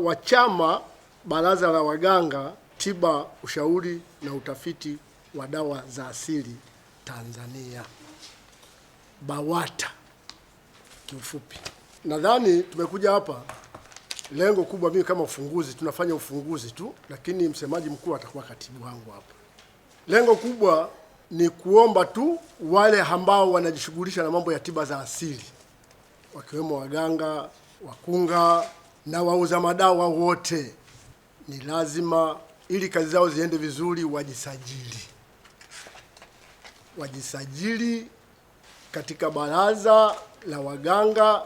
wa chama baraza la waganga tiba, ushauri na utafiti wa dawa za asili Tanzania, BAWATA kiufupi. Nadhani tumekuja hapa lengo kubwa, mimi kama ufunguzi, tunafanya ufunguzi tu, lakini msemaji mkuu atakuwa katibu wangu hapa. Lengo kubwa ni kuomba tu wale ambao wanajishughulisha na mambo ya tiba za asili wakiwemo waganga, wakunga na wauza madawa wote, ni lazima ili kazi zao ziende vizuri wajisajili, wajisajili katika baraza la waganga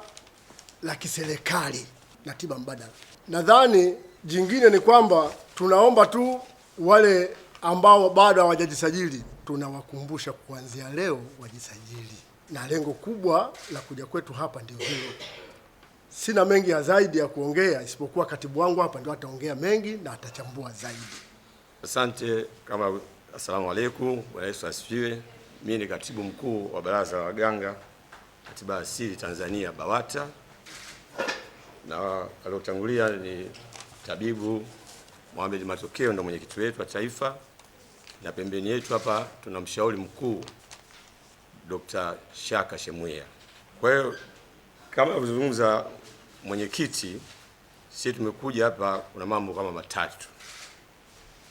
la kiserikali na tiba mbadala. Nadhani jingine ni kwamba tunaomba tu wale ambao bado hawajajisajili tunawakumbusha kuanzia leo wajisajili, na lengo kubwa la kuja kwetu hapa ndio hilo. Sina mengi ya zaidi ya kuongea isipokuwa katibu wangu hapa ndio ataongea mengi na atachambua zaidi. Asante. Kama assalamu alaikum. Bwana Yesu asifiwe. Mimi ni katibu mkuu wa baraza la waganga tiba asili Tanzania BAWATA, na aliotangulia ni tabibu Mohamed Matokeo, ndo mwenyekiti wetu wa taifa na pembeni yetu hapa tuna mshauri mkuu Dr. Shaka Shemwia. Kwa hiyo kama alivyozungumza mwenyekiti, sisi tumekuja hapa, kuna mambo kama matatu.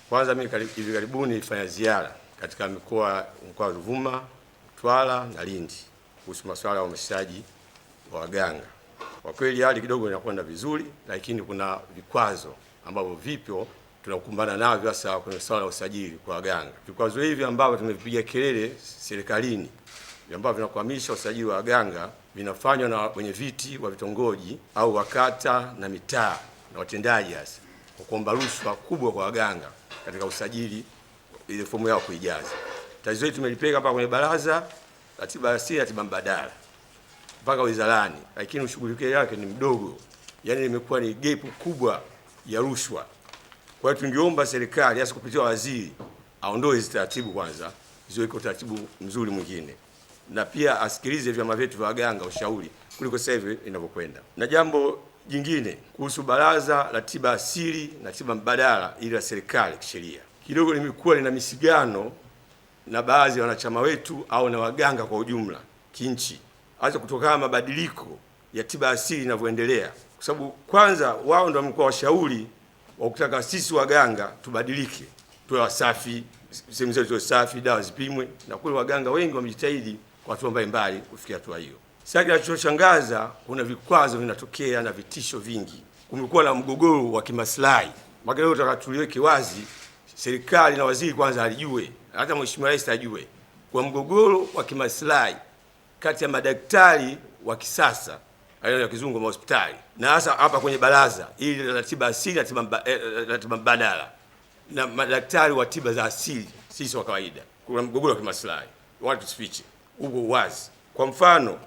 Kwanza mimi hivi karibuni nilifanya ziara katika mikoa mkoa wa Ruvuma, Mtwara na Lindi kuhusu masuala ya umeshaji wa waganga. Kwa kweli hali kidogo inakwenda vizuri, lakini kuna vikwazo ambavyo vipo tunakumbana navyo hasa kwenye swala la usajili kwa waganga. Vikwazo hivi ambavyo tumevipiga kelele serikalini ambavyo vinakwamisha usajili wa waganga vinafanywa na wenye viti wa vitongoji au wakata na mitaa na watendaji hasa kwa kuomba rushwa kubwa kwa waganga katika usajili, ile fomu yao kuijaza. Tatizo hili tumelipeleka mpaka kwenye Baraza la Tiba Asili na Tiba Mbadala mpaka wizarani, lakini ushughulikie yake ni mdogo, yaani limekuwa ni gap kubwa ya rushwa. Kwa hiyo tungeomba serikali hasa kupitia waziri aondoe hizi taratibu kwanza, ziweke utaratibu mzuri mwingine, na pia asikilize vyama vyetu vya waganga ushauri kuliko sasa hivi inavyokwenda. Na jambo jingine kuhusu baraza la tiba asili na tiba mbadala ili la serikali kisheria, kidogo limekuwa lina misigano na baadhi ya wanachama wetu au na waganga kwa ujumla kinchi, hasa kutokana na mabadiliko ya tiba asili inavyoendelea, kwa sababu kwanza wao ndio wamekuwa washauri kwa kutaka sisi waganga tubadilike, tuwe wasafi, sehemu zetu ziwe safi, dawa zipimwe, na kule waganga wengi wamejitahidi kwa hatua mbalimbali kufikia hatua hiyo. Sasa kinachoshangaza, kuna vikwazo vinatokea na vitisho vingi. Kumekuwa na mgogoro wa kimaslahi mpaka leo, tunataka tuliweke wazi, serikali na waziri kwanza alijue, hata mheshimiwa rais ajue, kwa mgogoro wa kimaslahi kati ya madaktari wa kisasa aina ya kizungu hospitali, na hasa hapa kwenye baraza ili la tiba asili na eh, tiba mbadala na madaktari wa tiba za asili sisi wa kawaida, kuna mgogoro wa kimaslahi, watu tusifiche, huko wazi. Kwa mfano,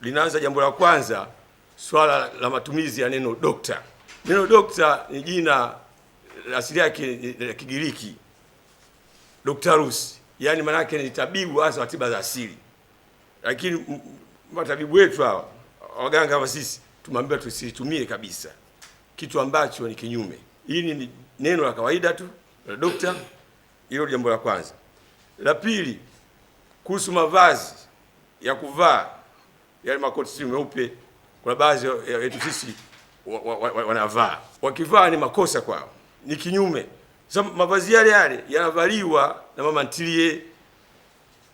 linaanza jambo la kwanza, swala la matumizi ya neno dokta. Neno dokta ni jina asili yake ya Kigiriki doktarus, yani maana yake ni tabibu hasa wa tiba za asili, lakini matabibu wetu hawa waganga wa sisi tumwambia tusitumie kabisa kitu ambacho ni kinyume. Hili ni neno la kawaida tu la dokta. Hilo jambo la kwanza. La pili, kuhusu mavazi ya kuvaa yale makoti meupe, kuna baadhi yetu sisi wanavaa wa, wa, wa wakivaa ni makosa kwao, ni kinyume. Sasa mavazi yale yale yanavaliwa na mama ntilie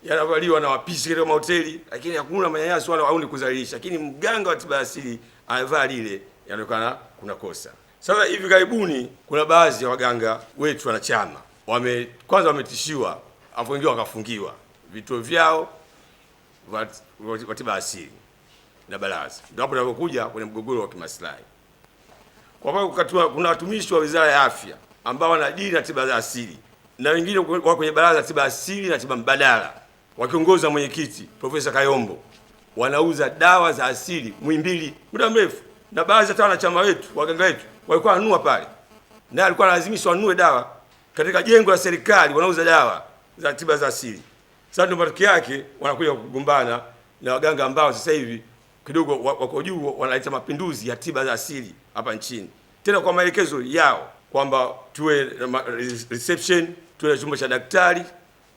yanavaliwa na wapishi katika mahoteli, lakini hakuna manyanyaso wala au ni kudhalilisha, lakini mganga wa tiba asili anavaa lile, yanaonekana kuna kosa. Sasa hivi karibuni kuna baadhi ya waganga wetu wanachama wame kwanza wametishiwa, afu wengine wakafungiwa vituo vyao vya tiba asili na baraza. Ndio hapo tunapokuja kwenye mgogoro wa kimaslahi. Kwa sababu kuna watumishi wa Wizara ya Afya ambao wanadili na tiba za asili na wengine wako kwenye Baraza Tiba Asili na Tiba Mbadala wakiongoza mwenyekiti Profesa Kayombo wanauza dawa za asili Muhimbili muda mrefu, na baadhi hata wanachama wetu waganga wetu walikuwa wanunua pale, naye alikuwa lazimishwa wanunue dawa katika jengo la serikali, wanauza dawa za tiba za asili. Sasa ndio matokeo yake wanakuja kugombana na waganga ambao sasa hivi kidogo wako juu, wanaleta mapinduzi ya tiba za asili hapa nchini, tena kwa maelekezo yao kwamba tuwe reception, tuwe chumba cha daktari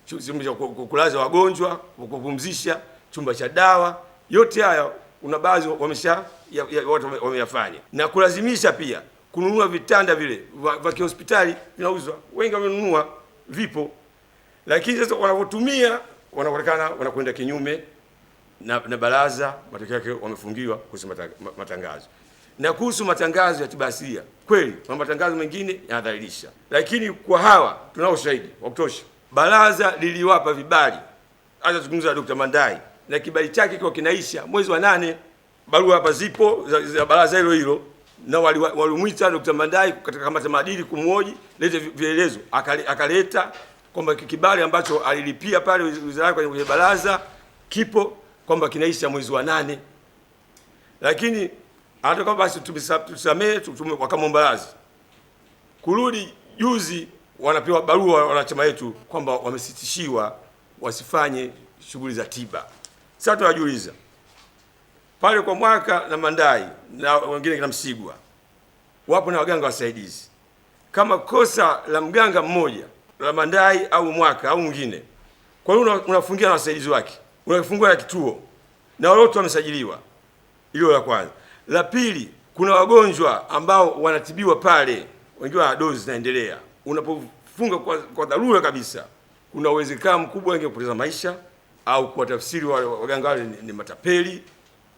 chumba cha kulaza wagonjwa, kupumzisha, chumba cha dawa, yote haya una baadhi wamesha watu wameyafanya, na kulazimisha pia kununua vitanda vile vya kihospitali vinauzwa, wengi wamenunua, vipo, lakini sasa wanavyotumia wanaonekana wanakwenda kinyume na, na baraza. Matokeo yake wamefungiwa kuhusu matangazo. Na kuhusu matangazo ya tiba asilia, kweli kuna matangazo mengine yanadhalilisha, lakini kwa hawa tunao ushahidi wa kutosha baraza liliwapa vibali, hata zungumza na Dr. Mandai na kibali chake kwa kinaisha mwezi wa nane. Barua hapa zipo za, za baraza hilo hilo, na walimwita Dr. Mandai katika kamati maadili kumhoji, lete vielezo, akaleta kwamba kibali ambacho alilipia pale wizara kwenye baraza kipo kwamba kinaisha mwezi wa nane, lakini hata kama basi tusamee, wakamwomba radhi kurudi juzi wanapewa barua wanachama wetu kwamba wamesitishiwa wasifanye shughuli za tiba. Sasa tunajiuliza pale kwa Mwaka na Mandai na wengine kina Msigwa, wapo na waganga wasaidizi. Kama kosa la mganga mmoja la Mandai au Mwaka au mwingine, kwa hiyo unafungia na wasaidizi wake? Unafungua na kituo na wale wote wamesajiliwa. Hilo la kwanza. La pili, kuna wagonjwa ambao wanatibiwa pale, wengine wana dozi zinaendelea unapofunga kwa, kwa dharura kabisa, kuna uwezekano mkubwa wengi kupoteza maisha au kwa tafsiri wale waganga wale ni, ni matapeli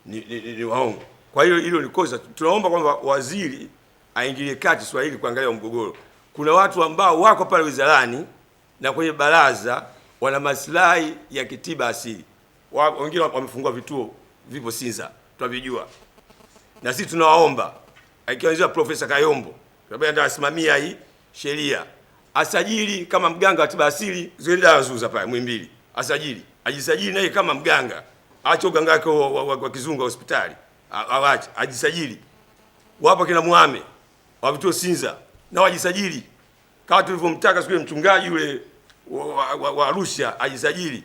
ni, ni, ni, ni waongo. Kwa hiyo hilo ni kosa, tunaomba kwamba waziri aingilie kati swala hili kuangalia mgogoro. Kuna watu ambao wako pale wizarani na kwenye baraza wana maslahi ya kitiba asili, wengine wamefungua vituo vipo Sinza tunavijua, na sisi tunawaomba akianzia Profesa Kayombo ambaye ndio asimamia hii sheria, asajili kama mganga wa tiba asili, zile dawa zuza pale Muhimbili, asajili ajisajili naye kama mganga, acha uganga wake wa kizungu hospitali, awache ajisajili. Wapo kina Mwame wa vituo Sinza na wajisajili kama tulivyomtaka siku ile mchungaji yule wa Arusha ajisajili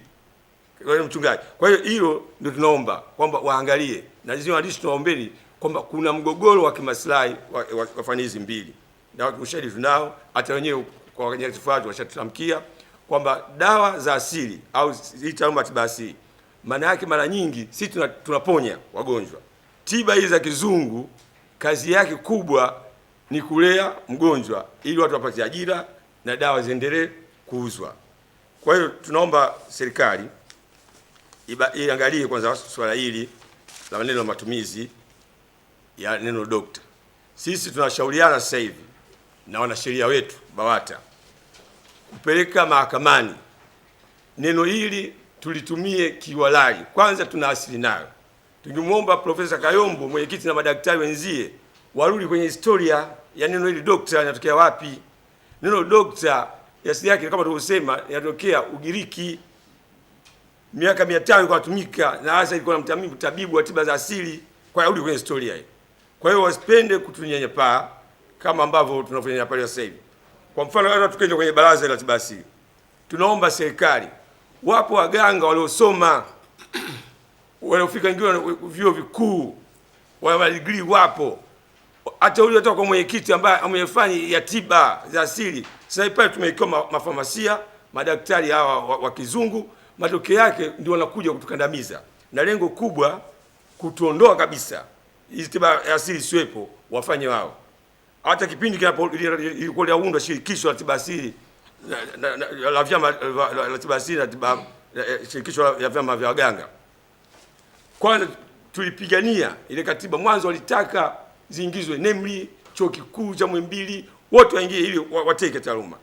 yule mchungaji. Kwa hiyo hilo ndio tunaomba kwamba waangalie, na sisi waandishi tunaombeni kwamba kuna mgogoro wa kimaslahi wa, wa, wa fani hizi mbili na ushahidi tunao, hata wenyewe kwa wanyarisifu watu washatutamkia kwamba dawa za asili au hii taaluma tiba asili, maana yake mara nyingi sisi tunaponya wagonjwa. Tiba hizi za kizungu kazi yake kubwa ni kulea mgonjwa ili watu wapate ajira na dawa ziendelee kuuzwa. Kwa hiyo tunaomba serikali iangalie kwanza swala hili la maneno ya matumizi ya neno dokta. Sisi tunashauriana sasa hivi na wanasheria wetu BAWATA kupeleka mahakamani neno hili tulitumie kiwalai. Kwanza tuna asili nayo, tungemwomba Profesa Kayombo, mwenyekiti na madaktari wenzie, warudi kwenye historia ya neno hili, dokta linatokea wapi? Neno dokta asili yake kama tulivyosema inatokea Ugiriki, miaka mia tano ilikuwa inatumika, na hasa ilikuwa na mtabibu wa tiba za asili. Kwa hiyo kwenye historia hii. Kwa hiyo wasipende kutunyanyapaa kama ambavyo tunavyofanya pale sasa hivi. Kwa mfano, hata tukija kwenye baraza la tiba asili, tunaomba serikali, wapo waganga waliosoma waliofika wengine vyuo vikuu wana degree, wapo hata ule kutoka kwa mwenyekiti ambaye amefanya ya tiba za asili. Sasa pale tumeikiwa mafamasia madaktari hawa wa kizungu, matokeo yake ndio wanakuja kutukandamiza, na lengo kubwa kutuondoa kabisa, hizi tiba asili siwepo, wafanye wao hata kipindi ilikuwa linaundwa shirikisho la tiba asili la vyama la tiba asili na tiba eh, eh, shirikisho la vyama vya waganga. Kwanza tulipigania ile katiba, mwanzo walitaka ziingizwe NEMLI, chuo kikuu cha Muhimbili, wote waingie ili wateke taaluma.